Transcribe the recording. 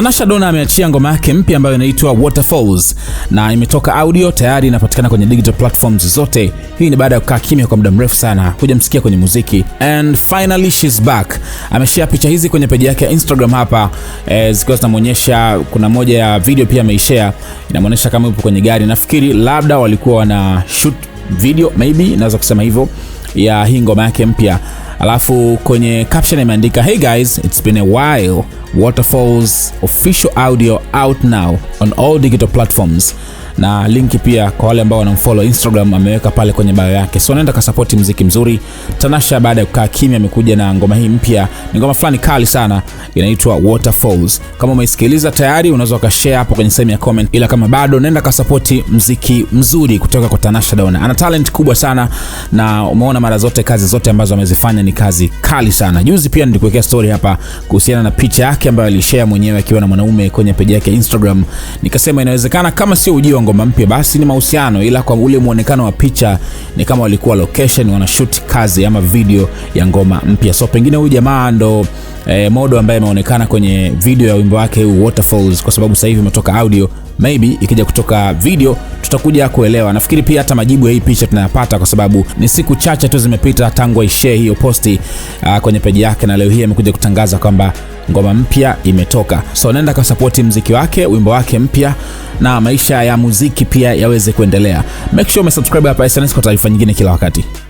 Tanasha Dona ameachia ngoma yake mpya ambayo inaitwa Waterfalls na imetoka audio tayari, inapatikana kwenye digital platforms zote. Hii ni baada ya kukaa kimya kwa muda mrefu sana, hujamsikia kwenye muziki, and finally she's back. Ameshare picha hizi kwenye peji yake ya Instagram hapa eh, zikiwa zinamuonyesha, kuna moja ya video pia ameishare, inamuonyesha kama yupo kwenye gari. Nafikiri labda walikuwa wana shoot video maybe, naweza kusema hivyo, ya hii ngoma yake mpya alafu kwenye caption imeandika hey guys it's been a while Waterfall's official audio out now on all digital platforms na linki pia kwa wale ambao wanamfollow Instagram ameweka pale kwenye bio yake. So anaenda kasapoti mziki mzuri. Tanasha baada ya kukaa kimya amekuja na ngoma hii mpya, ni ngoma fulani kali sana, inaitwa Waterfalls. Kama umeisikiliza tayari, unaweza ukashare hapo kwenye sehemu ya comment, ila kama bado, naenda kasapoti mziki mzuri kutoka kwa Tanasha Dona. Ana talent kubwa sana na umeona mara zote kazi zote ambazo amezifanya ni kazi kali sana. Juzi pia nilikuwekea story hapa kuhusiana na picha yake ambayo alishare mwenyewe akiwa na mwanaume kwenye page yake Instagram, nikasema inawezekana kama sio ujio ngoma mpya, basi ni mahusiano, ila kwa ule muonekano wa picha ni kama walikuwa location wanashoot kazi ama video ya ngoma mpya. So pengine huyu jamaa ndo e, modo ambaye ameonekana kwenye video ya wimbo wake huu Waterfalls, kwa sababu sasa hivi umetoka audio. Maybe ikija kutoka video tutakuja kuelewa. Nafikiri pia hata majibu ya hii picha tunayapata, kwa sababu ni siku chache tu zimepita tangu aishare hiyo posti uh, kwenye peji yake, na leo hii amekuja kutangaza kwamba ngoma mpya imetoka. So naenda kasapoti mziki wake, wimbo wake mpya na maisha ya muziki pia yaweze kuendelea. Make sure umesubscribe hapa SNS kwa taarifa nyingine kila wakati.